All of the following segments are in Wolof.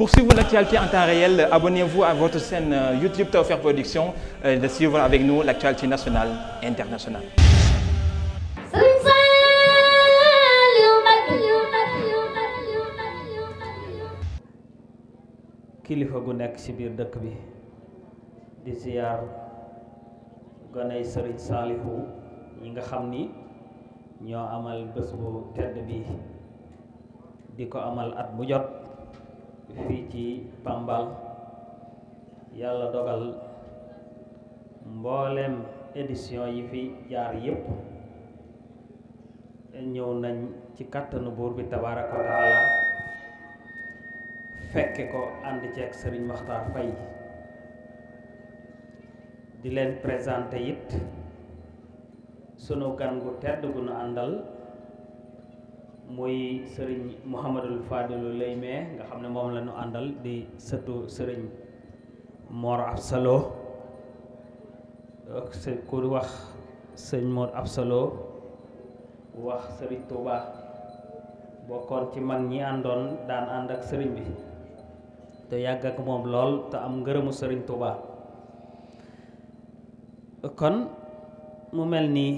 Pour suivre l'actualité en temps réel, abonnez-vous euh, euh, internationale. kilifa gu nekk ci biir dëkk bi di ziyaar goney Sëriñ Saalihu ñi nga xam ni ñoo amal bés bu tedd bi di ko amal at bu jot fii ci Pambal yàlla dogal mboolem édition yi fi jaar yépp ñëw nañ ci kàttanu buur bi tabaaraka wa fekke ko ànd ceeg Sëriñ Maxtaar Fay di leen présenté it sunu gan gu tedd gu nu àndal muy sëriñ Mouhamadul Fadilu lay mee nga xam ne moom la ñu àndal di sëtu sëriñ Mor Absalo ku wax sëñ Mor Absalo wax sëriñ Touba bokkoon ci mag ñi àndoon daan ànd ak sëriñ bi te yàgg ak moom lool te am ngërëmu sëriñ Touba kon mu mel nii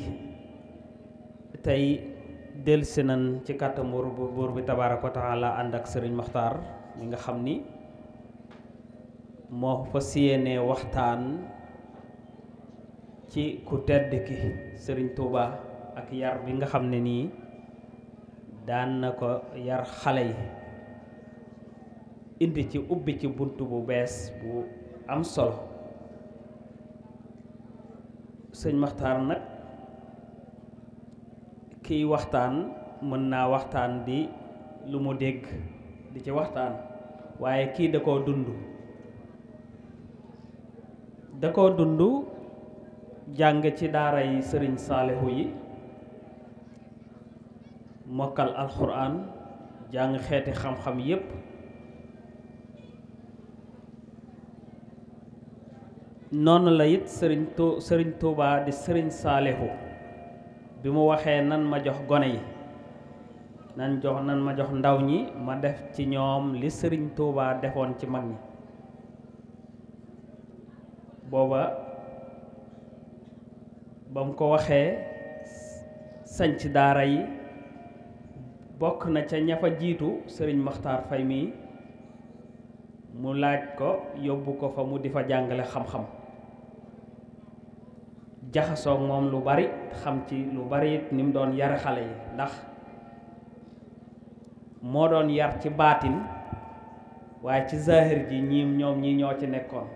tey delsi nan ci kàttan buur buur bi tabaaraka wa taala ànd ak sëriñ Maxtaar mi nga xam ni moo fas yéene waxtaan ci ku tedd ki sëriñ Tuuba ak yar bi nga xam ne nii daan na ko yar xale yi indi ci ubbi ci bunt bu bees bu am solo sëñ Maxtaar nag kiy waxtaan mën naa waxtaan di lu mu dégg di ci waxtaan waaye kii da koo dund da koo dund jàng ci daara yi sëriñ saalihu yi mokkal alxuraan jàng xeeti xam-xam yépp noonu la it sëriñ tu di sëriñ saalihu bi mu waxee nan ma jox gone yi nan jox nan ma jox ndaw ñi ma def ci ñoom li sëriñ Touba defoon ci mag ñi booba ba mu ko waxee sanc daara yi bokk na ca ña fa jiitu sëriñ Maxtaar Fay mii mu laaj ko yóbbu ko fa mu di fa jàngale xam-xam jaxasoog moom lu bari xam ci lu bari it ni mu doon yar xale yi ndax moo doon yar ci baatin waaye ci zahir ji ñiim ñoom ñi ñoo ci nekkoon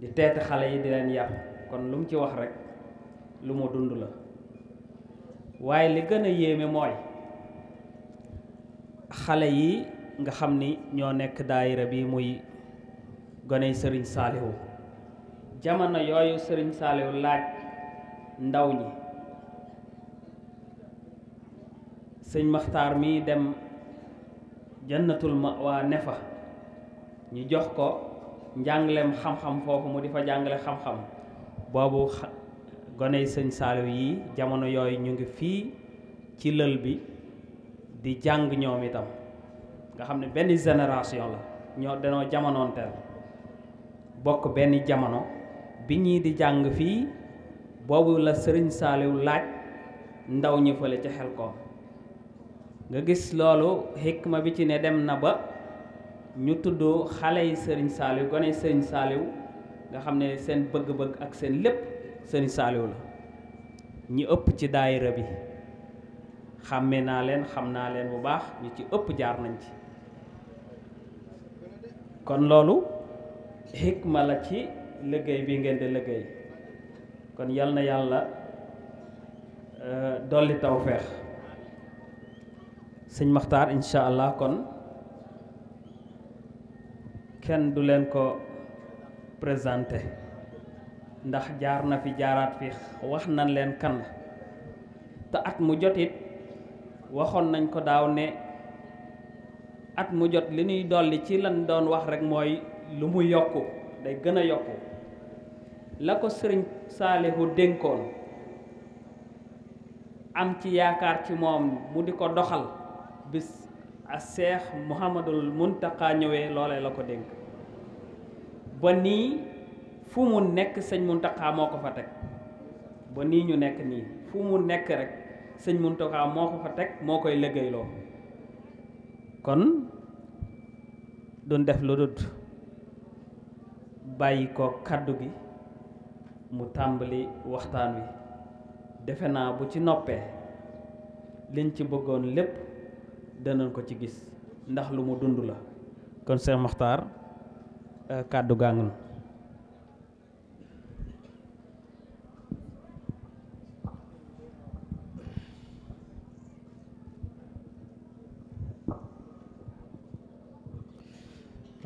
di teete xale yi di leen yar kon lu mu ci wax rekk lu mu dund la waaye li gën a yéeme mooy xale yi nga xam ni ñoo nekk daayira bi muy gone Sëriñ Saalihu jamono yooyu sëriñ Saaliw laaj ndaw ñi sëñ Maxtaar mii dem jannatul ma'wa ne fa ñu jox ko njàngaleem xam-xam foofu mu di fa jàngale xam-xam boobu gone yi sëñ Saaliw yi jamono yooyu ñu ngi fii ci lël bi di jàng ñoom itam nga xam ne benn génération la ñoo danoo jamonoon bokk benn jamono bi ñii di jàng fii boobu la sëriñ saaliw laaj ndaw ñi fële ci xel ko nga gis loolu xikma bi ci ne dem na ba ñu tuddoo xale yi sëriñ saaliw gone sëriñ saaliw nga xam ne seen bëgg-bëgg ak seen lépp sëriñ saaliw la ñi ëpp ci daayira bi xàmme naa leen xam naa leen bu baax ñu ci ëpp jaar nañ ci kon loolu xikma la ci liggéey bii ngeen di liggéey kon yal na yàlla euh, dolli tawfeex sëñ Maxtaar incha kon kenn du leen ko présenté ndax jaar na fi jaaraat fi wax nañ leen kan te at mu jotit waxoon nañ ko daaw ne at mu jot li ñuy dolli ci lan doon wax rek mooy lu mu yokku day gën a yokku la ko sëriñ Saalihu dénkoon am ci yaakaar ci moom mu di ko doxal bis a seex Muhammadul Muntaqa ñëwee loole la ko dénk ba nii fu mu nekk sëñ Muntaqa moo ko fa teg ba nii ñu nekk nii fu mu nekk rek sëñ Muntaqa moo ko fa teg moo koy liggéeyloo kon duñ def lu dut bàyyi ko kàddu gi mu tàmbali waxtaan wi defe naa bu ci noppee liñ ci bëggoon lépp danañ ko ci gis ndax lu mu dund la kon seen Makhtar euh, kàddu gàngun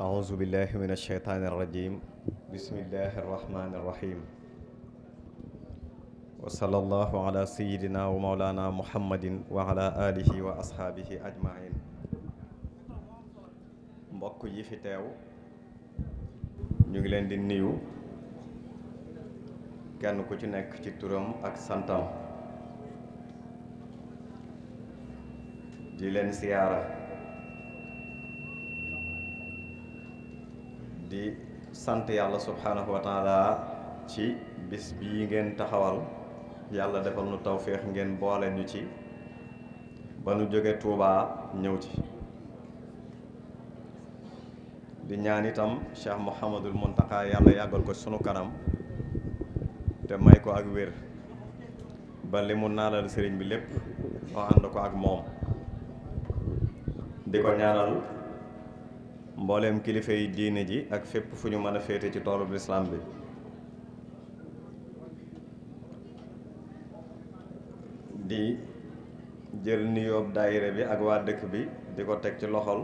أعوذ بالله من الشيطان الرجيم بسم الله الرحمن الرحيم وصلى الله على سيدنا ومولانا محمد وعلى آله وأصحابه أجمعين mbokk yi fi teew ñu ngi leen di nuyu kenn ku ci nekk ci turam ak santam di leen siyaara di sant yàlla subhaanahu wa taala ci bis bii ngeen taxawal yàlla defal nu tawféex ngeen boole ñu ci ba nu jóge Touba ñëw ci di ñaan itam Cheikh Mouhamadul Mountakha yàlla yàggal ko sunu kanam te may ko ak wér ba li mu naalal sëriñ bi lépp moo ànd ko ak moom di ko ñaanal mbooleem kilifa yi diine ji ak fépp fu ñu mën a féete ci toolu lislaam bi di jël nuyoob daayira bi ak waa dëkk bi di ko teg ci loxol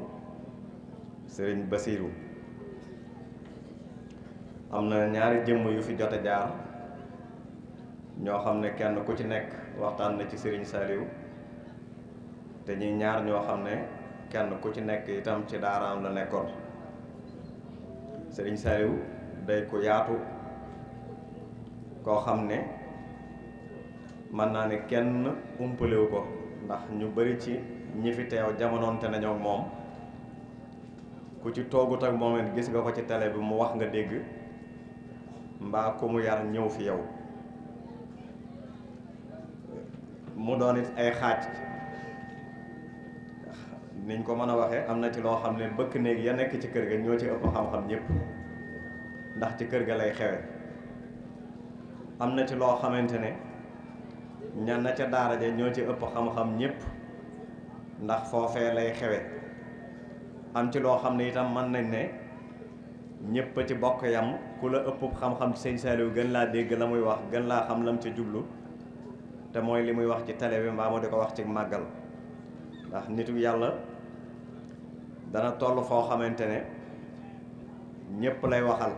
sëriñ Basiiru am na ñaari jëmm yu fi jote jaar ñoo xam ne kenn ku ci nekk waxtaan na ci sëriñ Saliou te ñi ñaar ñoo xam ne kenn ku ci nekk itam ci daaraam la nekkoon sëriñ Saliou day ko yaatu koo xam ne mën naa ne kenn umpalewu ko ndax ñu bari ci ñi fi teew jamonoonte nañu ak moom ku ci toogut ak moom gis nga ko ci télé bi mu wax nga dégg mbaa ku mu yar ñëw fi yow mu doon it ay xaaj niñ ko mën a waxee am na ci loo xam ne bëkk néeg ya nekk ci kër ga ñoo ci ëpp xam-xam ñëpp ndax ci kër ga lay xewe am na ci loo xamante ne ñan na ca daara ja ñoo ci ëpp xam-xam ñëpp ndax foofee lay xewe am loo xam ne itam mën nañ ne ñëpp ci bokk yam ku la ëpp xam-xam sëñ Saliou gën laa dégg la muy wax gën laa xam lam ca jublu te mooy li muy wax ci télé bi mbaa di ko wax ci màggal ndax nitu yàlla dana toll foo xamante ne ñépp lay waxal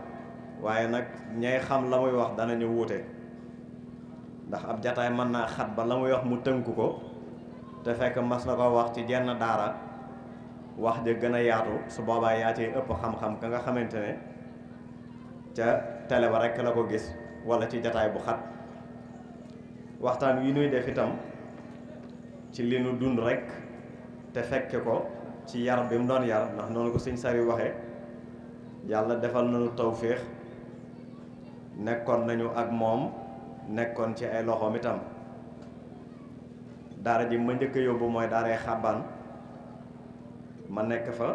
waaye nag ñay xam la muy wax danañu wuute ndax ab jataay mën naa xat ba la muy wax mu tënku ko te fekk mas na ko wax ci jenn daara wax ja gën a yaatu su boobaa yaatee ëpp xam-xam ka nga xamante ne ca télé ba rekk la ko gis walla ci jataay bu xat waxtaan wi nuy def itam ci li nu dund rekk te fekke ko ci yar bi mu doon yar ndax noonu ko sëñ Sari waxe yàlla defal nañu tawféex nekkoon nañu ak moom nekkoon ci ay loxoom itam daara ji ma njëkk a yóbbu mooy daaray xàbbaan ma nekk fa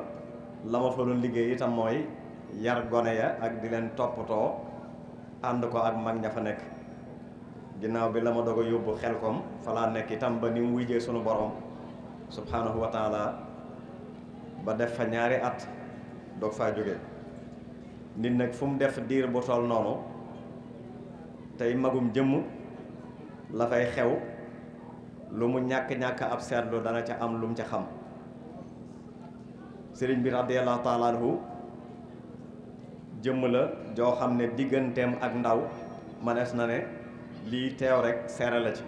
la ma fa doon liggéey itam mooy yar gone ya ak di leen toppatoo ànd ko ak mag ña fa nekk ginnaaw bi la ma doog a yóbbu xel koom fa laa nekk itam ba ni mu wujjee sunu borom subhanahu wa ba def fa ñaari at doog faa jóge nit nag fu mu def diir bu toll noonu tey magum jëmm la fay xew lu mu ñàkk-ñàkk ab seetlu danga ca am lum mu ca xam sëriñ bi radiyallahu taala anhu jëmm la joo xam ne digganteem ak ndaw mënees na ne lii teew rek sere la ci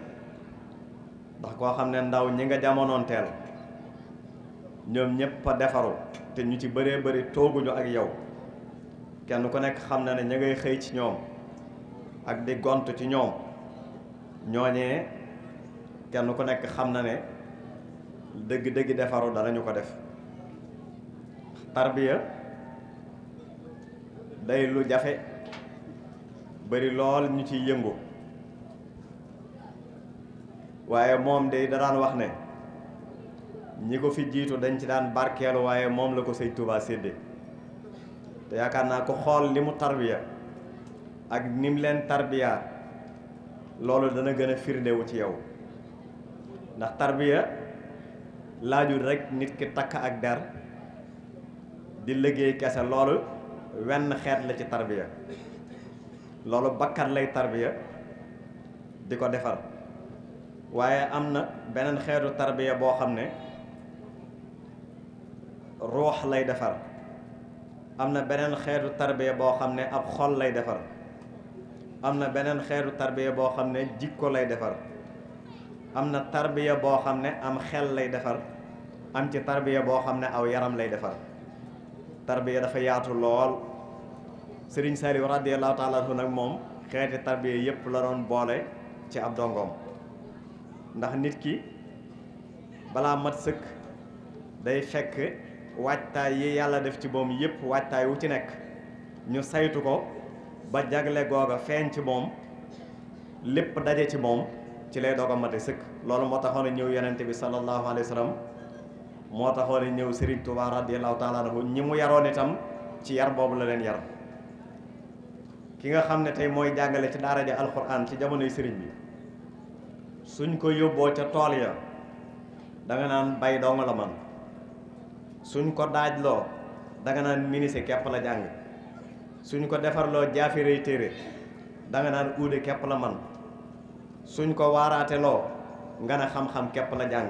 ndax koo xam ne ndaw ñi nga jamonoonteel ñoom ñëpp a defaru te ñu ci bëree bëri tooguñu ak yow kenn ku nekk xam na ne ña ngay xëy ci ñoom ak di gont ci ñoom ñooñee kenn ku nekk xam na ne dëgg-dëgg defaru danañu ko def tarbiya day lu jafe bari lool ñu ciy yëngu waaye moom day da daan wax ne ñi ko fi jiitu dañ ci daan barkeelu waaye moom la ko sëñ Touba sédde te yaakaar naa ko xool li mu tarbiya ak ni leen tarbiya loolu dana gën a firndewu ci yow ndax tarbiya laajul rekk nit ki takk ak der di liggéey kese loolu wenn xeet la ci tarbiya loolu bakkan lay tarbiya di ko defar waaye am na beneen xeetu tarbiya boo xam ne ruux lay defar am na beneen xeetu tarbiya boo xam ne ab xol lay defar am na beneen xeetu tarbiya boo xam ne jikko lay defar am na tarbiya boo xam ne am xel lay defar am ci tarbiya boo xam ne aw yaram lay defar tarbiya dafa yaatu lool Sëriñ Saliou radiyallahu taala anhu nag moom xeeti tarbiya yépp la doon boole ci ab dongoom ndax nit ki balaa mat sëkk day fekk waajtaay yi yàlla def ci moom yëpp waajtaay wu ci nekk ñu saytu ko ba jagle googa feeñ ci moom lépp daje ci moom ci lay doog a mate sëkk loolu moo taxoon ñëw yonente bi sallallahu alayhi wa moo taxoon a ñëw Serigne Touba radiyallahu taala anhu ñi mu yaroon itam ci yar boobu la leen yar ki nga xam ne tey mooy jàngale ci daara ji alquran ci jamonoy sëriñ bi suñ ko yóbboo ca tool ya da naan bay dong la man suñ ko daajloo danga naan ministre kepp la jàng suñ ko defarloo jaafiray téere danga naan uude képp la man suñ ko waaraateloo nga ne xam-xam képp la jàng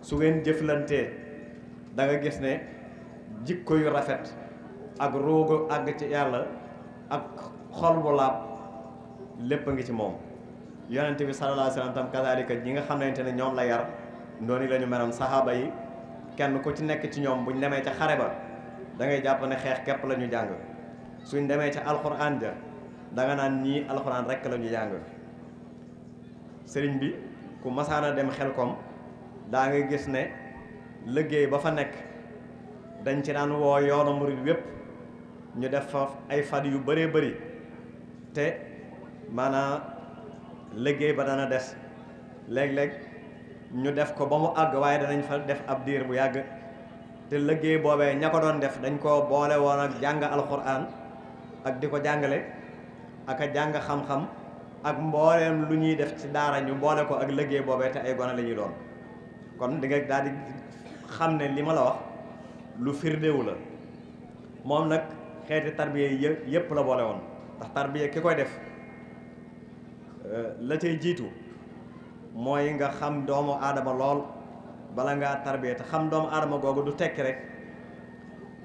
su ngeen jëflantee danga gis ne jikko yu rafet ak roogu àgg ci yàlla ak xol bu laab lépp a ngi ci moom yonente bi sallallahu alayhi wa sallam tam kazaalika ñi nga xamante ne ñoom la yar noonu la ñu melam saxaaba yi kenn ku ci nekk ci ñoom buñ demee ca xare ba da ngay jàpp ne xeex képp la ñu jàng suñ demee ca alxuraan ja da nga naan ñii alxuraan rekk la ñu jàng sëriñ bi ku a dem xelkom daa nga gis ne liggéey ba fa nekk dañ ci daan woo yoonu murit yépp ñu def fa ay fad yu bëree bëri te maanaam liggéey ba dana des léeg-léeg ñu def ko ba mu àgg waaye danañ fa def ab diir bu yàgg te liggéey boobee ña ko doon def dañ ko boole woon ak jàng alxuraan ak di ko jàngale ak a jàng xam-xam ak mbooleem lu ñuy def ci daara ñu boole ko ak liggéey boobee te ay gone lañuy doon kon di nga daal di xam ne li ma la wax lu firdewu la moom nag xeeti tarbiya yi yëpp la boole woon ndax tarbiya ki koy def euh, la ciy jiitu mooy nga xam doomu aadama lool bala ngaa tarbiya te xam doomu aadama googu du tekki rek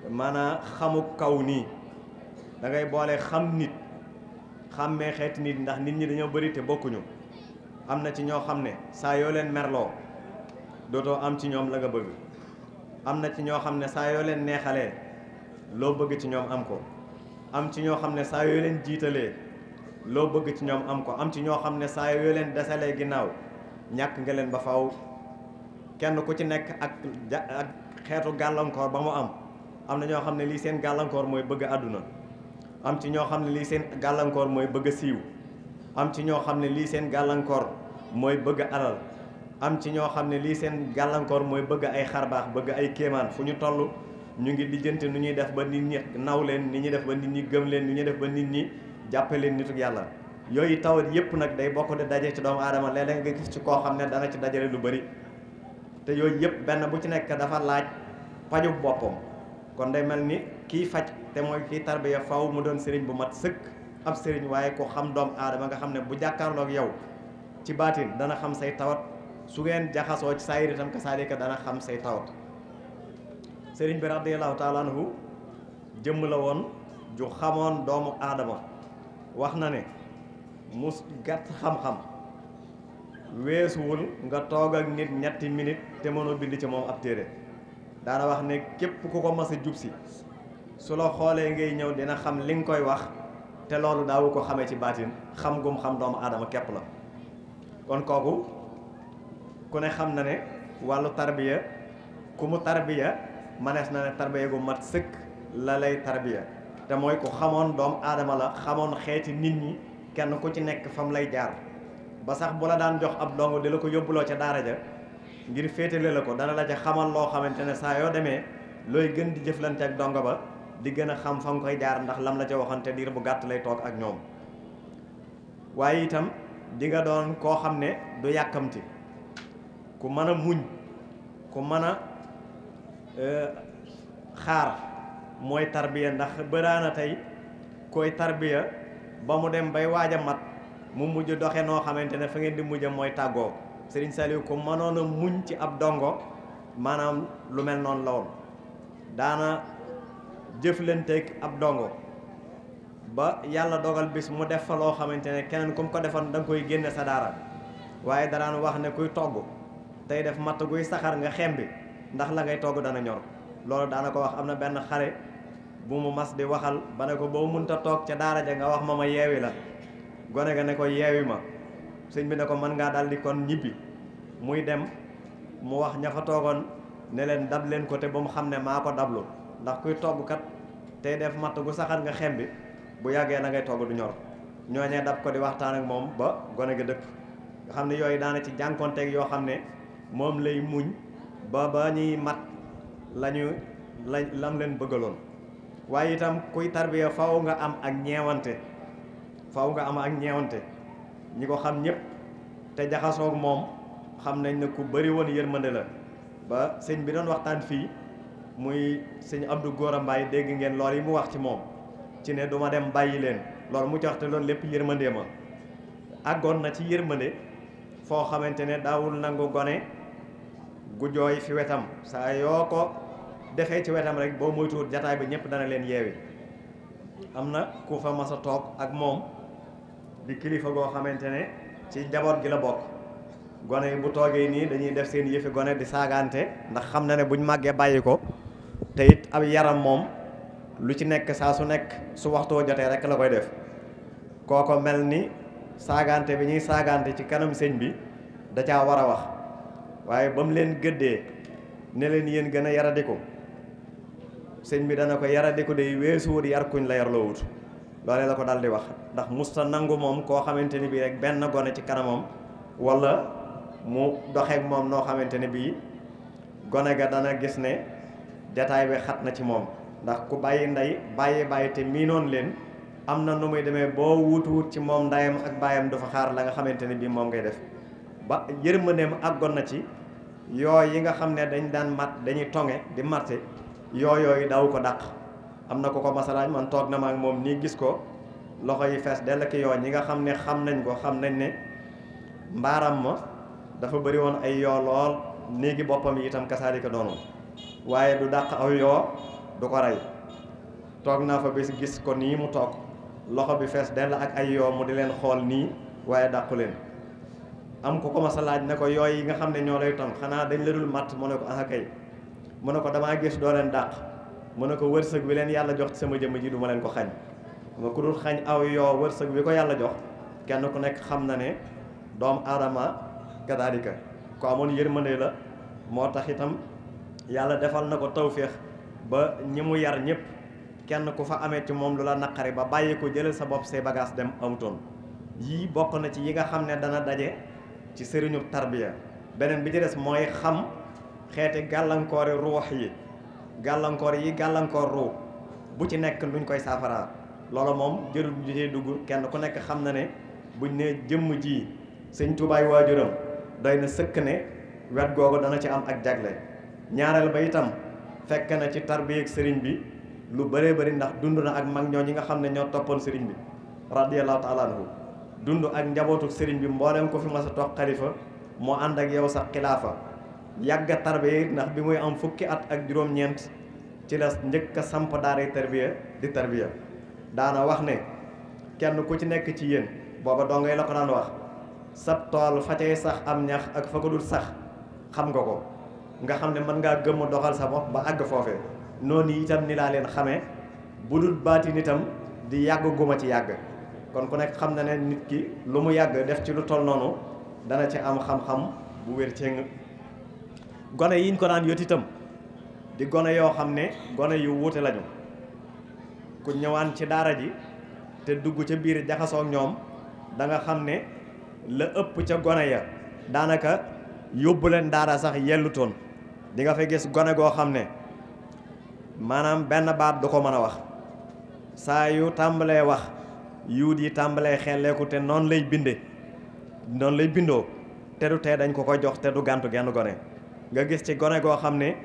maanaam xamu kaw nii dangay boole xam nit xàmmee xeeti nit ndax nit ñi dañoo bëri te bokkuñu am na ci ñoo xam ne saa yoo leen merloo dootoo am ci ñoom la nga bëgg am na ci ñoo xam ne saa yoo leen neexalee loo bëgg ci ñoom am ko am ci ñoo xam ne saa yoo leen jiitalee loo bëgg ci ñoom am ko am ci ñoo xam ne saa yoo leen desalee ginnaaw ñàkk nga leen ba faw kenn ku ci nekk ak ak xeetu gàllankoor ba mu am am na ñoo xam ne lii seen gàllankoor mooy bëgg àdduna am ci ñoo xam ne lii seen gàllankoor mooy bëgg siiw am ci ñoo xam ne lii seen gàllankoor mooy bëgg alal am ci ñoo xam ne lii seen gàllankoor mooy bëgg ay xarbaax bëgg ay kéemaan fu ñu toll ñu ngi lijjante nu ñuy def ba nit ñi naw leen ni ñuy def ba nit ñi gëm leen ni ñuy def ba nit ñi jàppe leen nituk yàlla yooyu tawat yëpp nag day bokk di daje ci doomu aadama léeg-léeg nga gis ci koo xam ne dana ci dajale lu bari te yooyu yëpp benn bu ci nekk dafa laaj paju boppam kon day mel ni kii faj te mooy kii tarbiya faw mu doon sëriñ bu mat sëkk ab sëriñ waaye ko xam doomu aadama nga xam ne bu jàkkaarloog yow ci baatin dana xam say tawat su ngeen jaxasoo ci saayir itam kasaalika dana xam say tawat sëriñ bi radiyallahu taala anhu jëmm la woon ju xamoon doomu aadama wax na ne mu gàtt xam-xam weesuwul nga toog ak nit ñetti minute te mënoo bind ci moom ab téere daana wax ne képp ku ko mas a su la xoolee ngay ñëw dina xam li nga koy wax te loolu daawu ko xamee ci baatin xam gum xam doomu aadama képp la kon kooku ku ne xam na ne wàllu tarbiya ku mu tarbiya manees na ne tarbiya bu mat sëkk la lay tarbiya te mooy ku xamoon doomu aadama la xamoon xeeti nit ñi kenn ku ci nekk fam lay jaar ba sax bu la daan jox ab dong di la ko yóbbuloo ca daara ja ngir féetale la ko dana la ja xamal loo xamante ne saa yoo demee looy gën di jëflante ak dongo ba di gën a xam fa nga koy jaar ndax lam la ca waxante diir bu gàtt lay toog ak ñoom waaye itam di nga doon koo xam ne du yàkkamti ku mën a muñ ku mën a e, xaar mooy tarbiya ndax bëraana tey koy tarbiya ba mu dem bay waaj a mat mu mujj doxe noo xamante ne fa ngeen di mujje mooy tàggoo Serigne Saliou ko mënoon a muñ ci ab dongo maanaam lu mel noon la daana jëflanteeg ab dongo ba yàlla dogal bis mu def fa loo xamante ne keneen ku ko defoon da nga koy génne sa daara waaye daraan wax ne kuy togg tey def matt kuy saxaar nga xem bi ndax la ngay togg dana ñor loolu daana ko wax am na benn xare bu mu mas di waxal ba ne ko boo munta toog ca daara ja nga wax ma ma yeewi la gone ga ne ko yeewi ma sëñ bi ne ko mën ngaa daldi kon ñibbi muy dem mu wax ña fa toogoon ne leen dab leen ko te ba mu xam ne maa ko dablu ndax kuy togg kat tey def matt gu saxar nga xem bi bu yàggee na ngay togg du ñor ñooñee dab ko di waxtaan ak moom ba gone ga dëkk nga xam ne yooyu daana ci jànkonteeg yoo xam ne moom lay muuñ ba ba ñuy mat lañu la lam leen bëggaloon waaye itam kuy tarbiya faw nga am ak ñeewante faw nga am ak ñeewante ñi ko xam ñëpp te jaxasoog moom xam nañ ne ku bëri woon yërmande la ba sëñ bi doon waxtaan fii muy sëñ Abdou Gora Mbaye dégg ngeen lool yi mu wax ci moom ci ne duma dem bàyyi leen loolu mu ci wax te loolu lépp yërmandee ma àggoon na ci yërmande foo xamante ne daawul nangu gone gu jooy fi wetam saa yoo ko defee ci wetam rek boo moytuwut jataay bi ñëpp dana leen yeewi am na ku fa mas toog ak moom di kilifa goo xamante ne ci njaboot gi la bokk gone yi bu toogee nii dañuy def seen yëfi gone di saagante ndax xam na ne buñ màggee bàyyi ko te it ab yaram moom lu ci nekk saa su nekk su waxtoo jotee rek la koy def kooko mel ni saagante bi ñuy saagante ci kanam sëñ bi da caa war a wax waaye ba mu leen gëddee ne leen yéen gën a yaradiku sëñ bi dana ko yaradi ko day weesuwut yar kuñ la loo wut loolee la ko daal di wax ndax musta nangu moom koo xamante ni bii rek benn gone ci kanamam wala mu doxeek moom noo xamante ne bii gone ga dana gis ne jataay bi xat na ci moom ndax ku bàyyi ndey bàyyi bàyyi te miinoon leen am na nu muy demee boo wut wut ci moom ndayam ak bàyyam du fa xaar la nga xamante ne bii moom ngay def ba yërmandeem àggoon na ci yoo yi nga xam ne dañ daan mat dañuy tonge di marte yoo yooyooyu daw ko dàq am na ko ko masalaaj man toog na ma moom nii gis ko loxo yi fees dell ki yoo ñi nga xam ne xam nañ ko xam nañ ne mbaaram ma dafa bari woon ay yoo lool néegi boppam yi itam kasaalika doonoon waaye du dàq aw yoo du ko rey toog naa fa bés gis ko nii mu toog loxo bi fees dell ak ay yoo mu di leen xool nii waaye dàqu leen am ko ko masa laaj ne ko yooyu yi nga xam ne ñoo lay tam xanaa dañ la dul matt mu ne ko ah kay mu ne ko damaa gis doo leen dàq mu ne ko wërsëg wi leen yàlla jox ci sama jëmm ji duma leen ko xañ ma ku dul xañ aw yoo wërsëg bi ko yàlla jox kenn ku nekk xam na ne doomu aadama kadaalika ko amoon yërmande la moo tax itam yàlla defal na ko tawféex ba ñi mu yar ñëpp kenn ku fa amee ci moom lu la naqari ba bàyyi ko jëlee sa bopp say bagage dem amutoon yii bokk na ci yi nga xam ne dana daje ci sëriñu tarbiya beneen bi ci des mooy xam xeeti gàllankoori ruux yi gàllankoor yi gàllankoor ruux bu ci nekk luñ koy saafaraa loolu moom jëru bu ci dugg kenn ku nekk xam na ne buñ nee jëmm ji sëñ tuubaay waajuram doy na sëkk ne wet googu dana ci am ak jagle ñaareel ba itam fekk na ci tarbiyeeg sëriñ bi lu bëree bëri ndax dund na ak mag ñoo ñi nga xam ne ñoo toppoon sëriñ bi radiyallahu taala anhu dund ak njabootu sëriñ bi mboolem ko fi mas a toog xalifa moo ànd ak yow sax xilaafa yàgg tarbe tarbiya ndax bi muy am fukki at ak juróom-ñeent ci la njëkk a samp daaray tarbiya di tarbiya daana wax ne kenn ku ci nekk ci yéen booba dongay la ko daan wax sa tool fa cay sax am ñax ak fa ko dul sax xam nga ko nga xam ne mën ngaa gëmm doxal sa bopp ba àgg foofe noonu itam ni laa leen xamee bu dul baati nitam di yàgg ci yàgg kon ku nekk xam na ne nit ki lu mu yàgg def ci lu toll noonu dana ci am xam-xam bu wér ceng gone yiñ ko daan yót itam di gone yoo xam ne gone yu wuute lañu ku ñëwaan ci daara ji te dugg ca biir jaxasoo ñoom da nga xam ne la ëpp ca gone ya daanaka yóbbu leen daara sax yellutoon di nga fa gis gone goo xam ne maanaam benn baat du ko mën a wax saa yu tàmbalee wax yuut yi tàmbalee xelleeku te noonu lay binde noonu lay bindoo te du tee dañ ko ko jox te du gàntu genn gone nga gis ci gone goo xam ne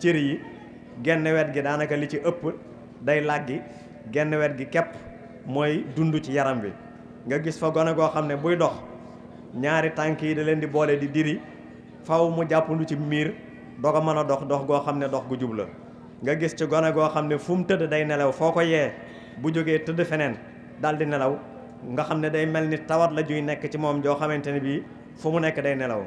cër yi genn wet gi daanaka li ci ëpp day làggi genn wet gi képp mooy dund ci yaram wi nga gis fa gone goo xam ne buy dox ñaari tànk yi da leen di boole di diri faw mu jàppandu ci miir doo ko mën a dox dox goo xam ne dox gu jubla nga gis ci gone goo xam ne fu mu tëdd day nelaw foo ko yee bu jógee tëdd feneen dal di nelaw nga xam ne day mel ni tawat la juy nekk ci moom joo xamante ne bii fu mu nekk day nelaw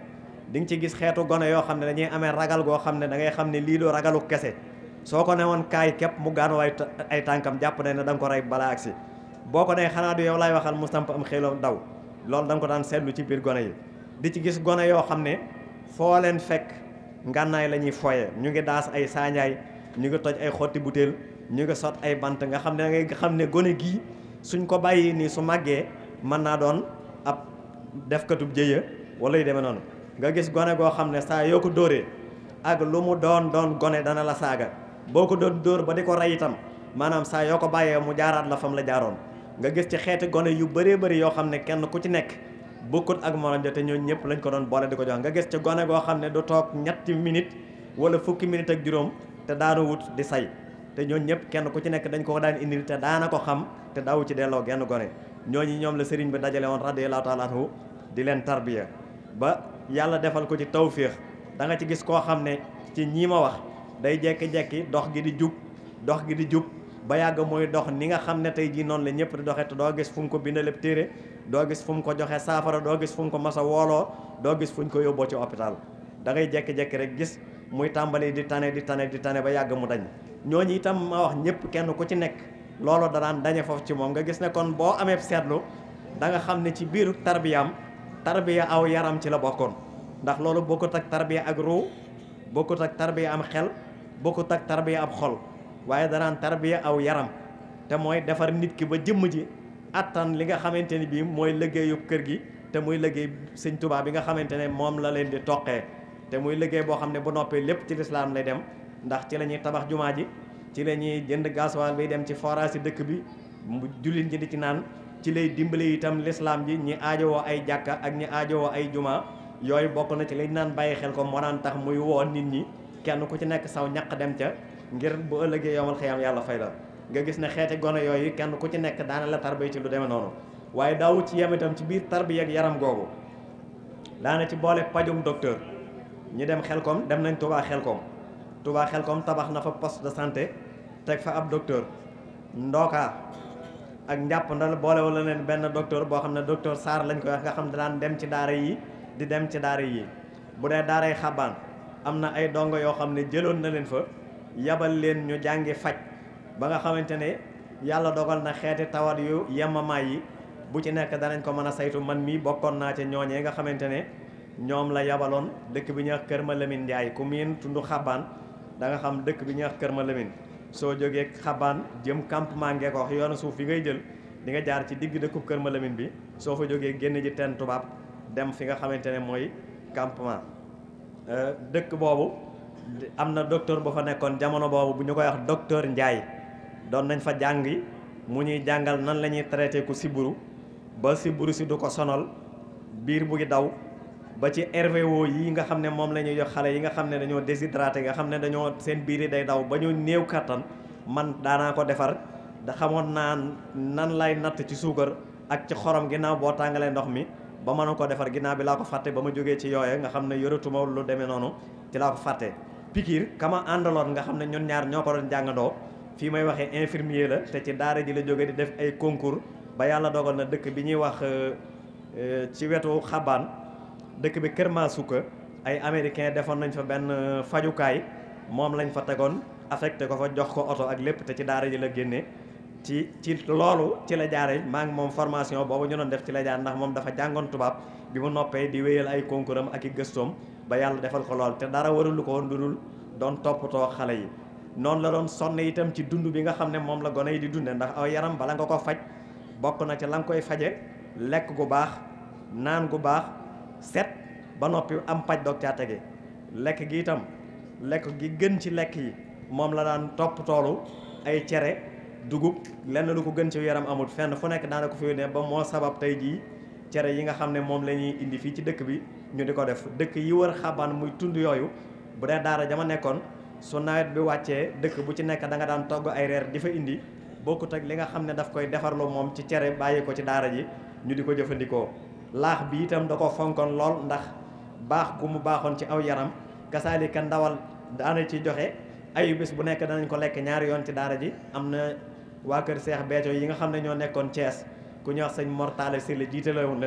di nga ci gis xeetu gone yoo xam ne dañuy amee ragal goo xam ne dangay xam ne lii doo ragalu kese soo ko ne woon kaay képp mu gaanu ay ay tànkam jàpp ne ne da nga ko rey balaa agsi boo ko ne xanaa du yow laay waxal mu samp am xelam daw loolu danga ko daan seetlu ci biir gone yi di ci gis gone yoo xam ne foo leen fekk ngànnaay la ñuy foye ñu ngi daas ay saañaay ñu ngi toj ay xotti butéel ñu ngi sot ay bant nga xam ne dangay xam ne gone gii suñ ko bàyyi nii su màggee mën naa doon ab defkatub jëya wala yu demee noonu nga gis gone goo xam ne saa yoo ko dóoree ak lu mu doon doon gone dana la saaga boo ko doon dóor ba di ko rey itam maanaam saa yoo ko bàyyee mu jaaraat la fam la jaaroon nga gis ci xeeti gone yu bëree bëri yoo xam ne kenn ku ci nekk bokkut ak morom jote ñoo ñëpp lañ ko doon boole di ko jox nga gis ci gone goo xam ne du toog ñetti minit wala fukki minutes ak juróom te daanu wut di say te ñooñ ñëpp kenn ku ci nekk dañ ko daan indil te daana ko xam te daawu ci delloo genn gone ñooñu ñoom la sëriñ bi dajale woon radiyallahu taala di leen tarbiya ba yàlla defal ko ci tawféex da nga ci gis koo xam ne ci ñii ma wax day jekki-jekki dox gi di jub dox gi di jub ba yàgg mooy dox ni nga xam ne tey jii noonu la ñëpp di doxee te doo gis fu mu ko bindaleb téere doo gis fu mu ko joxe saafara doo gis fu ko masa wooloo doo gis fuñ ko yóbboo ci hôpital dangay jekki-jekki rek gis muy tàmbali di tane di tane di tane ba yàgg mu dañ ñooñu itam ma wax ñëpp kenn ku ci nekk loolu danaan dañe foofu ci moom nga gis ne kon boo amee seetlu da nga xam ne ci biiru tarbiyaam tarbiya aw yaram ci la bokkoon ndax loolu bokkut ak tarbiya ak ruu bokkut ak tarbiya am xel bokkut ak tarbiya am xol waaye danaan tarbiya aw yaram te mooy defar nit ki ba jëmm ji attan li nga xamante ni bii mooy liggéeyu kër gi te muy liggéey sëñ tubaab bi nga xamante ne moom la leen di toqee te muy liggéey boo xam ne bu noppee lépp ci lislaam lay dem ndax ci la ñuy tabax jumaa ji ci la ñuy jënd gasoil bi dem ci forage dëkk bi jullit ñi di ci naan ci lay dimbale itam lislaam ji ñi aajowoo ay jàkka ak ñi aajowoo ay jumaa yooyu bokk na ci lañ naan bàyyi xel ko moo naan tax muy woo nit ñi kenn ku ci nekk saw ñaq dem ca ngir bu ëllëgee yomal xiyam yàlla fay la nga gis ne xeeti gone yooyu kenn ku ci nekk daana la tarbay ci lu demee noonu waaye daawu ci yem itam ci biir tarbiya ak yaram googu daana ci boole pajum docteur ñi dem xel xelkom dem nañ Touba xelkom Touba koom tabax na fa poste de santé teg fa ab docteur ak njàppandal boolewul leen benn docteur boo xam ne docteur Sarr lañ ko wax nga xam ne daan dem ci daara yi di dem ci daara yi bu dee daaray xabaan am na ay dongo yoo xam ne jëloon na leen fa yabal leen ñu jàngi faj ba nga xamante ne yàlla dogal na xeeti tawat yu yemamaay yi bu ci nekk danañ ko mën a saytu man mii bokkoon naa ci ñooñee nga xamante ne ñoom la yabaloon dëkk bi ñuy wax Kër Malamine Ndiaye ku miin tundu xabaan da xam dëkk bi ñuy wax Kër Malamine soo jógee xaban jëm campement ngeekoox yoonu suuf yi ngay jël di nga jaar ci digg dëkkub Kër Malamine bi soo fa jógee génn ji teen tubaab dem fi nga xamante ne mooy campement euh, dëkk boobu am na docteur bu fa nekkoon jamono boobu bu ñu koy wax docteur Ndiaye doon nañ fa jàng yi mu ñuy jàngal nan la ñuy traité ku siburu ba siburu si du ko sonal biir buy daw ba ci RVO yi nga xam ne moom la ñuy jox xale yi nga xam ne dañoo déshydraté nga xam ne dañoo seen biir yi day daw ba ñu néew kattan man daanaa ko defar da xamoon naa nan lay natt ci suukar ak ci xorom ginnaaw boo tàngalee ndox mi ba mënoon ko defar ginnaaw bi laa ko fàtte ba ma jógee ci yooye nga xam ne yoratuma lu demee noonu ci laa ko fàtte pikiir kama àndaloon nga xam ne ñun ñaar ñoo ko doon jàngandoo fii may waxee infirmier la te ci daara ji la jógee di def ay concours ba yàlla dogal na dëkk bi ñuy wax euh, euh, ci wetu xabaan dëkk bi Kër Masuka ay américain defoon nañ fa benn euh, fajukaay moom lañ fa tegoon affecté ko fa jox ko oto ak lépp te ci daara ji la génne ci ci loolu ci la jaare maa ngi moom formation boobu ñu doon def ci la jaar ndax moom dafa jàngoon tubaab bi mu noppee di wéyal ay concours ak i gëstoom ba yàlla defal ko lool te dara waralu ko woon lu dul doon toppatoo xale yi noonu la doon sonn itam ci dund bi nga xam ne moom la gone yi di dunde ndax aw yaram bala nga ko faj bokk na ci la nga koy faje lekk gu baax naan set ba noppi am paj doog caa tege lekk gi itam lekk gi gën ci lekk yi moom la daan topp toolu ay cere dugub lenn lu ko gën ci yaram amul fenn fu nekk daana ko fi yónnee ba moo sabab tey jii cere yi nga xam ne moom la ñuy indi fii ci dëkk bi ñu di ko def dëkk yi wër xabaan muy tund yooyu bu dee daara jama nekkoon su nawet bi wàccee dëkk bu ci nekk da nga daan togg ay reer di fa indi bokkut ak li nga xam ne daf koy defarloo moom ci cere bàyyi ko ci daara ji ñu di ko jëfandikoo laax bi itam da ko fonkoon lool ndax baax ku mu baaxoon ci aw yaram ka ndawal daana ci joxe ayu bés bu nekk danañ ko lekk ñaari yoon ci daara ji am na waa kër Seex beejoo yi nga xam ne ñoo nekkoon Thiès ku ñuy wax sëñ Mortale Sylla jiitalewoon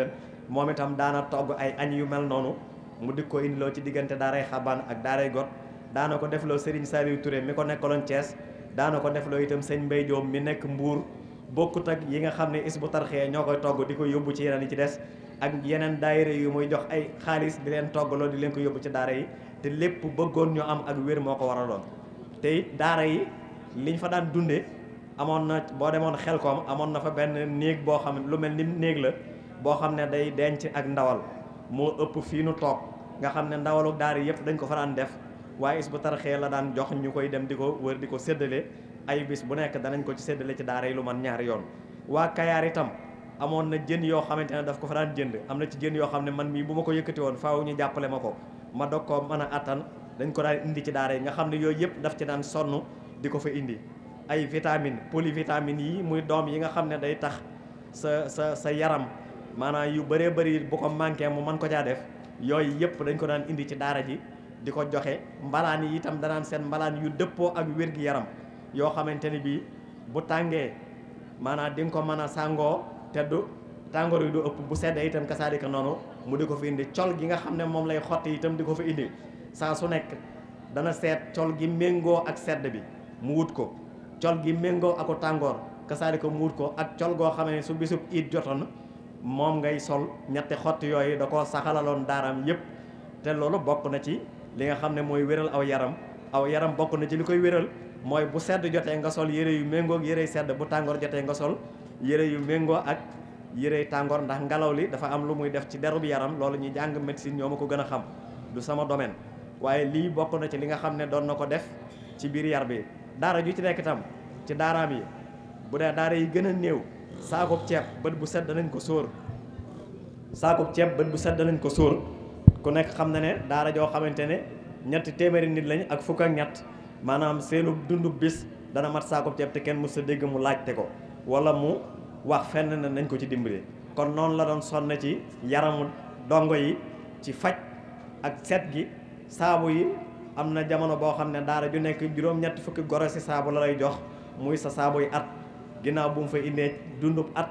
moom itam daana togg ay añ yu mel noonu mu dikk ko indiloo ci diggante daaray xabaan ak daaray got daana ko defloo Serigne Saliou Touré mi ko nekkaloon Thiès daana ko defloo itam sañ Mbay mi nekk Mbuur bokkut ak yi nga xam ne is bu tarxee ñoo koy togg di ko yóbbu ci yeneen yi ci des ak yeneen daayira yu muy jox ay xaalis di leen toggaloo di leen ko yóbbu ci daara yi te lépp bëggoon ñu am ak wér moo ko waraloon te it daara yi liñ fa daan dunde amoon na boo demoon xelkoom amoon na fa benn néeg boo xam ne lu mel ni néeg la boo xam ne day denc ak ndawal moo ëpp fii nu toog nga xam ne ndawalu daara yëpp dañ ko fa daan def waaye is bu tarxee la daan jox ñu koy dem di ko wër di ko séddale ay bis bu nekk danañ ko ci séddale ci daara yi lu man ñaari yoon waa amoon na jën yoo xamante ne daf ko fa daan jënd am na ci jën yoo xam ne man mii bu ma ko yëkkati woon faaw ñu jàppale ma ko ma dog koo mën a attan dañ ko daan indi ci daara yi nga xam ne yooyu yëpp daf ci daan sonn di ko fa indi ay vitamine polyvitamine yi muy doom yi nga xam ne day tax sa sa sa yaram maanaam yu bëree bëri bu ko manqué mu mën ko caa def yooyu yëpp dañ ko daan indi ci daara ji di ko joxe mbalaan yi itam danaan seen mbalaan yu dëppoo ak wér-gi-yaram yoo xamante ni bii bu tàngee maanaa di nga ko mën a sàngoo te tàngoor wi du ëpp bu sedd itam ko nonu mu di ko fi indi col gi nga xam ne moom lay xotti itam di ko fi indi saa su nekk dana seet col gi méngoo ak sedd bi mu wut ko col gi méngoo ako tàngoor kasaalika mu wut ko ak col goo xam ne su bisub iid jotoon moom ngay sol ñetti xotti yooyu da ko saxalaloon daaram yépp te loolu bokk na ci li nga xam ne mooy wéral aw yaram aw yaram bokk na ci li koy wéral mooy bu sedd jotee nga sol yére yu méngoo yére sedd bu tàngoor jotee nga sol yére yu méngoo ak yëre tàngoor ndax ngelaw li dafa am lu muy def ci derub yaram loolu ñu jàng médecine ñoo ma ko gën a xam du sama domaine waaye lii bokk na ci li nga xam ne doon na ko def ci biir yar bi daara ju ci nekk itam ci daaraam yi bu dee daara yi gën a néew saakub ceeb bët bu set danañ ko sóor saakub ceeb bët bu set danañ ko sóor ku nekk xam na ne daara joo xamante ne ñetti téeméeri nit lañ ak fukk ak ñett maanaam seenu dund bis dana mat saakub ceeb te kenn mës a dégg mu laajte ko wala mu wax fenn na nañ ko ci dimbale kon noonu la doon sonn ci yaramu dongo yi ci faj ak set gi saabu yi am na jamono boo xam ne daara ju nekk juróom-ñetti fukki goro si saabu la lay jox muy sa saabu yi at ginnaaw bu mu fa indee dundub at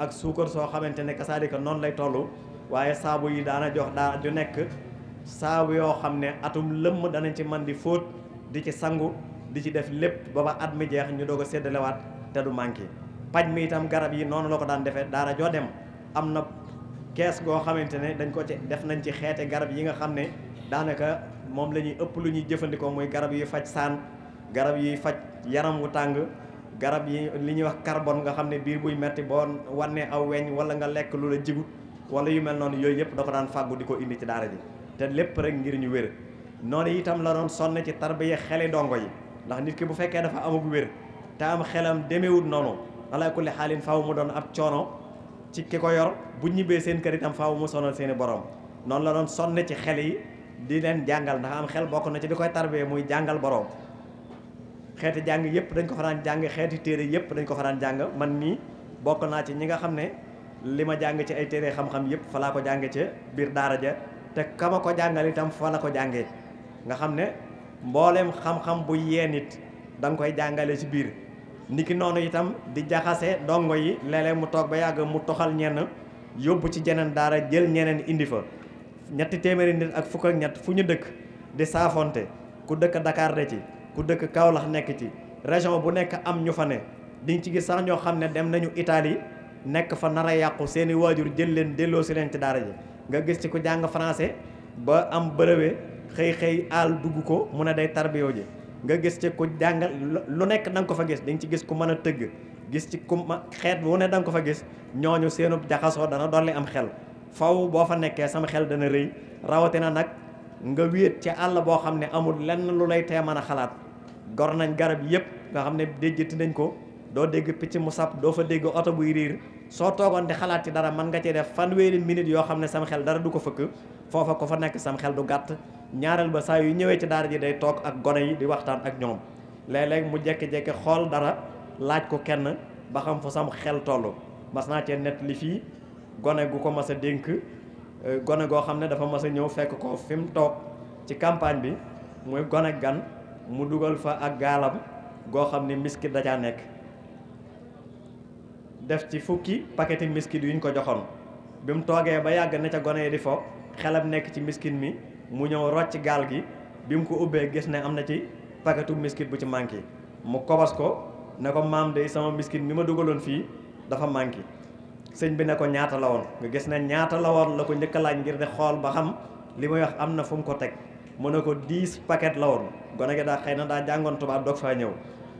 ak suukar soo xamante ne kasaalika noonu lay toll waaye saabu yi daana jox daara ju nekk saabu yoo xam ne atum lëmm danañ ci man di fóot di ci sangu di ci def lépp ba ba at mi jeex ñu doog a séddalewaat te du manqué paj mi itam garab yi noonu la ko daan defee daara joo dem am na kees goo xamante ne dañ ko ci def nañ ci xeete garab yi nga xam ne daanaka moom la ñuy ëpp lu ñuy jëfandikoo muy garab yuy faj saan garab yi faj yaram wu tàng garab yi li ñuy wax carbone nga xam ne biir buy metti boo wannee aw weñ wala nga lekk lu la jigut wala yu mel noonu yooyu yëpp da ko daan fàggu di ko indi ci daara ji te lépp rek ngir ñu wér noonu itam la doon sonn ci tarbiya xeli dongo yi ndax nit ki bu fekkee dafa amug wér te am xelam demeewut ala kulli xaalin faaw mu doon ab coono ci ki ko yor bu ñibbee seen kër itam faaw mu sonal seeni borom noonu la doon sonn ci xel yi di leen jàngal ndax am xel bokk na ci di koy tarbee muy jàngal borom xeeti jàng yëpp dañ ko fa daan jàng xeeti téere yëpp dañ ko fa daan man nii bokk naa ci ñi nga xam ne li ma jàng ci ay téere xam-xam yëpp fa laa ko jànge ca biir daara ja te a ko jàngal itam fa la ko jàngee nga xam ne mbooleem xam-xam bu yee nit danga koy jàngale ci biir niki noonu itam di jaxase dongo yi léeg mu toog ba yàgg mu toxal ñenn yóbbu ci jeneen daara jël ñeneen indi fa ñetti téeméeri nit ak fukk ñett fu ñu dëkk di saafonte ku dëkk Dakar de ci ku dëkk Kaolack nekk ci région bu nekk am ñu fa ne di ci gis sax ñoo xam ne dem nañu Italie nekk fa nar a yàqu seen i waajur jël leen delloo si leen ci daara ji nga gis ci ku jàng français ba am brevet xëy xëy aal dugg ko mu ne day tarbiyoo ji nga gis ci ku jàng lu nekk da ko fa gis di nga ci gis ku mën a tëgg gis ci ku xeet wu ne da nga ko fa gis ñooñu seenu jaxasoo dana dolli am xel faw boo fa nekkee sama xel dana rëy rawatina nag nga wéet ci àll boo xam ne amul lenn lu lay tee mën a xalaat gor nañ garab yépp nga xam ne déjjati nañ ko doo dégg picc mu sap doo fa dégg oto buy riir soo toogoon di xalaat ci dara mën nga cee def fan fanweeri minute yoo xam ne sam xel dara du ko fëkk foofa ko fa nekk sam xel du gàtt ñaareel ba saa yu ñëwee ci daar ji day toog ak gone yi di waxtaan ak ñoom léeg-léeg mu jékki-jékki xool dara laaj ko kenn ba xam fa sam xel toll mas naa cee li fii gone gu ko mas a dénk euh, gone goo xam ne dafa mas a ñëw fekk ko fi mu toog ci campagne bi muy gone gan mu dugal fa ak gaalam goo xam ne miskit da nekk def ci fukki paqueti miskit yu ñu ko joxoon bi mu toogee ba yàgg na ca gone yi di fo xelam nekk ci miskin mi mu ñëw rocc gaal gi bi mu ko ubbee gis ne am na ci paquetu miskit bu ci manqué mu kobas ko ne ko maam day sama miskit mi ma dugaloon fii dafa manqué sëñ bi ne ko ñaata la woon gis ne ñaata la la ko njëkk ngir ne xool ba xam li muy wax am na fu mu ko teg mu ne ko dix paket la woon gone gi daa xëy na daa jàngoon tubaab doog faa ñëw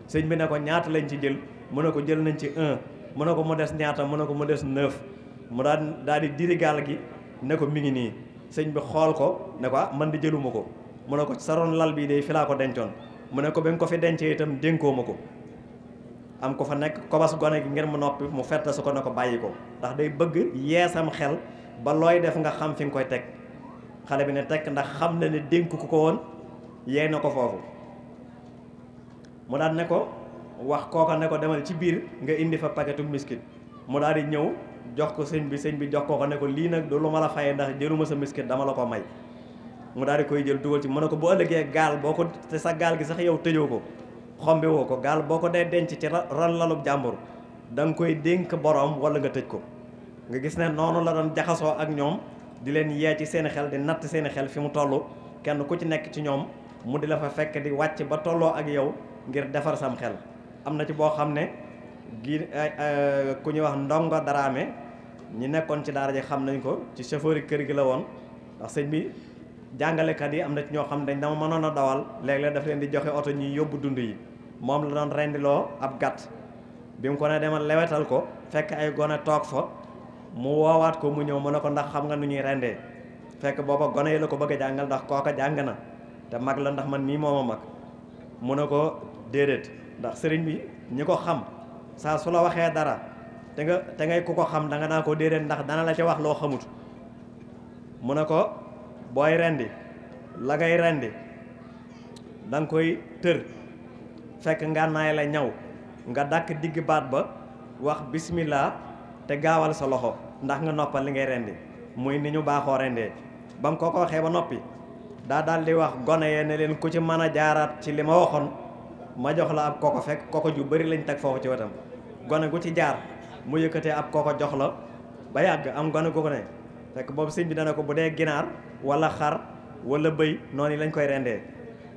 sëñ bi ne ko ñaata lañ ci jël mu ne ko jël nañ ci un mu ne ko mu des ñaata mu ne ko mu des neuf mu daan daal di diri gaal gi ne ko mi ngi nii sëñ bi xool ko ne ko ah, man di jëluma ko mu ne ko sa ron lal bii de fi laa ko dencoon mu ne ko ba nga ko fi dencee itam dénkoo ma ko am ko fa nekk kobas gone gi ngeen mu noppi mu fetta su ko ne ko bàyyi ko ndax day bëgg yeesam xel ba looy def nga xam fi nga koy teg xale bi ne teg ndax xam na ne dénk ku ko woon yee na ko foofu mu daal ne ko wax kooka ne ko demal ci biir nga indi fa paquetu miskit mu daal di ñëw jox ko sëñ bi sëñ bi jox ko ko ne ko lii nag du lu ma la fayee ndax jëluma sa miskit dama la ko may mu daal di koy jël dugal ci mën ne ko bu ëllëgee gaal boo ko te sa gaal gi sax yow tëjoo ko xombi woo ko gaal boo ko dee denc ci ran lalub jàmbur da nga koy dénk borom wala nga tëj ko nga gis ne noonu la doon jaxasoo ak ñoom di leen yee ci seen xel di natt seen xel fi mu toll kenn ku ci nekk ci ñoom mu di la fa fekk di wàcc ba tolloo ak yow ngir defar sam xel am na ci boo xam ne gi eh, eh, ku ñu wax ndongo daraame ñi nekkoon ci daara ji xam nañ ko ci chauffeur yi kër gi la woon ndax sëñ bi jàngalekat yi am na ci ñoo xam ne dañ dama mënoon a dawal léeg-léeg daf leen di joxe oto ñuy yóbbu dund yi moom la doon rendiloo ab gàtt bi mu ko ne demal lewetal ko fekk ay gone toog fa mu woowaat ko mu ñëw mu ne ko ndax xam nga nu ñuy rendee fekk booba gone yi la ko bëgg a jàngal ndax kooka jàng na te mag la ndax man mii mooma mag mu ne ko déedéet ndax sëriñ bi ñi ko xam saa su la waxee dara te nga te ngay ku ko xam da nga naa ko déedéet ndax dana la ca wax loo xamut mu ne ko booy rendi la ngay rendi danga koy tër fekk ngànnaay la ñaw nga dàkk digg baat ba wax bismillah te gaawal sa loxo ndax nga noppal li ngay rendi muy ni ñu baaxoo rendee ba mu ko ko waxee ba noppi daa daal di wax gone yee ne leen ku ci mën a jaaraat ci li ma waxoon ma jox la ab koko fekk koko ju bari lañ teg foofu ci wetam gone gu ci jaar mu yëkkatee ab kooko jox la ba yàgg am gone gu ko ne fekk boobu sëñ bi dana ko bu dee ginaar wala xar wala bëy noonu lañ koy rendee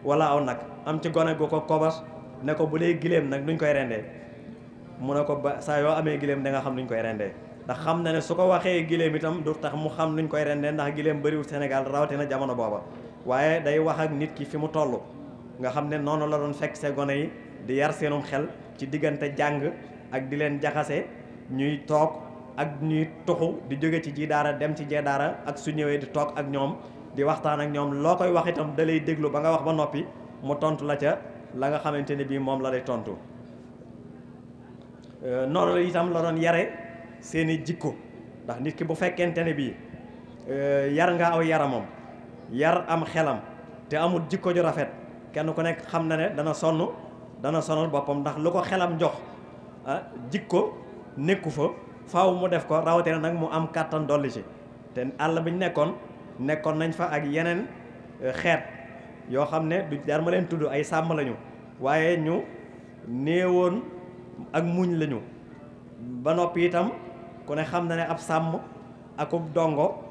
wala aw nag am ci gone gu ko kobos ne ko bu dee gileem nag duñ koy rendee mu ne ko ba saa yoo amee gileem da nga xam nuñ koy rendee ndax na ne su ko waxee gileem itam du tax mu xam nuñ koy rendee ndax gileem bëriwul Sénégal rawatina jamono booba waaye day wax ak nit ki fi mu toll nga xam ne noonu la doon fekk see gone yi di yar seenum xel ci diggante jàng ak di leen jaxase ñuy toog ak ñuy tuxu di jóge ci ji daara dem ci jee daara ak su ñëwee di toog ak ñoom di waxtaan ak ñoom loo koy wax itam da déglu ba nga wax ba noppi mu tontu la ca la nga xamante ne bii moom la lay tontu euh, noonu la itam la doon yare seeni jikko ndax nit ki bu fekkente ne bii euh, yar nga aw yaramam yar am xelam te amul jikko ju rafet kenn ku nekk xam na ne dana sonn dana sonal boppam ndax lu ko xelam jox Ah, jig ko nekku fa faw mu def ko rawatina nag mu am kàttan dolli ci te àll bi ñu nekkoon nekkoon nañ fa ak yeneen eh, xeet yoo xam ne du jar ma leen tudd ay sàmm lañu waaye ñu néewoon ak muñ lañu ba noppi itam ku ne xam na ne ab sàmm akub dongo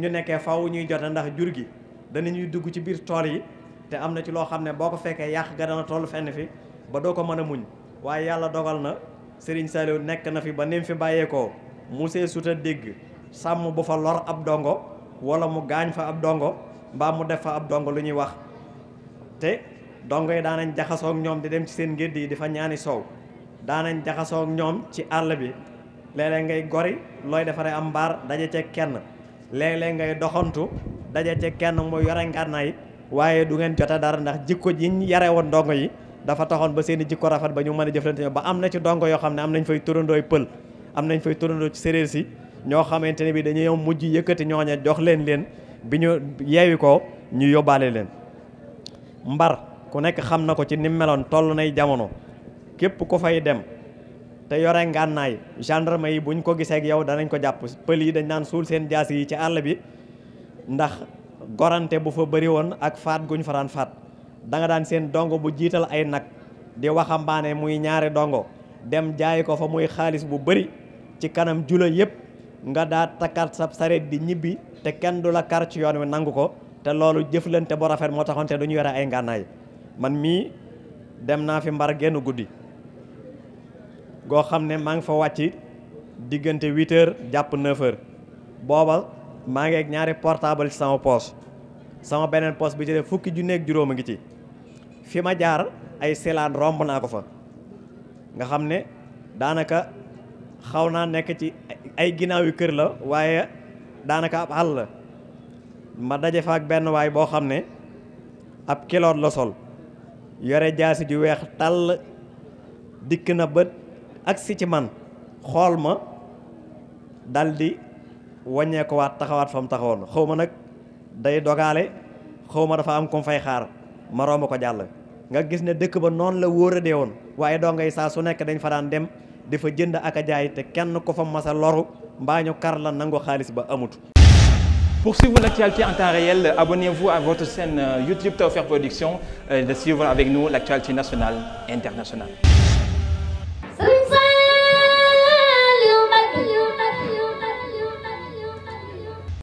ñu nekkee faw ñuy jote ndax jur gi danañuy dugg ci biir tool yi te am na ci loo xam ne boo ko fekkee yàq ga dana toll fenn fi ba doo ko mën a muñ waaye yàlla dogal na Serigne Saliou nekk na fi ba nim fi bàyyeekoo mu see suta sàmm bu fa lor ab dongo walla mu gaañ fa ab dongo mbaa mu def fa ab dongo lu ñuy wax te dongo yi daanañ jaxasoo ak ñoom di dem ci seen ngédd yi di fa ñaani soow daanañ jaxasoo ak ñoom ci àll bi léeg ngay gori looy defaree am mbaar daje ceeg kenn léeg ngay doxantu daje ceeg kenn mu yore nay waaye du ngeen jote dara ndax jikko jiñ yare woon dongo yi dafa taxoon ba seen i jikko rafet ba ñu mën a jëflante ba am na ci dongo yoo xam ne am nañ fay turandooy pël am nañ fay turandoo ci séréer si ñoo xamante ne bi dañuy mujj yëkkati ñooña jox leen leen bi ñu yeewi ko ñu yóbbaale leen mbar ku nekk xam na ko ci ni meloon toll nay jamono képp ku fay dem te yore ngànnaay ma yi buñ ko gisee ak yow danañ ko jàpp pël yi dañ naan suul seen jaas yi ci àll bi ndax gorante bu fa bari woon ak faat guñ faraan faat da nga daan seen dongo bu jiital ay nag di waxambaane muy ñaari dongo dem jaay ko fa muy xaalis bu bëri ci kanam jula yëpp nga daa takkaat sa sareet di ñibbi te kenn du la kar ci yoon wi nangu ko te loolu jëflante bu rafet moo taxante te du ñu yore ay ngànnaay man mii dem naa fi mbar genn guddi goo xam ne maa ngi fa wàcc diggante huit jàpp neuf heures booba maa ngi ak ñaari portable ci sama poos sama beneen poos bi ci def fukki junneeg juróom a ngi fi ma jaar ay selaan romb naa ko fa nga xam ne daanaka xaw naa nekk ci ay ginnaaw yu kër la waaye daanaka ab àll la ma daje fa ak benn waay boo xam ne ab kiloot la sol yore jaasi ju weex tàll dikk na bët ak si ci man xool ma daldi wàññeekuwaat taxawaat fa mu taxawoon xaw ma nag day dogaale xaw ma dafa am kum fay xaar morooma ko jàll nga gis ne dëkk ba noonu la wóoradee woon waaye doo ngay saa su nekk dañ faraan dem dafa jënd ak a jaay te kenn ko fa masa loru mbaa ñu kar la nangu xaalis ba amut Pour suivre l'actualité en temps réel, abonnez-vous à votre chaîne euh, YouTube Tawfekh Production euh, et de suivre avec nous l'actualité nationale internationale.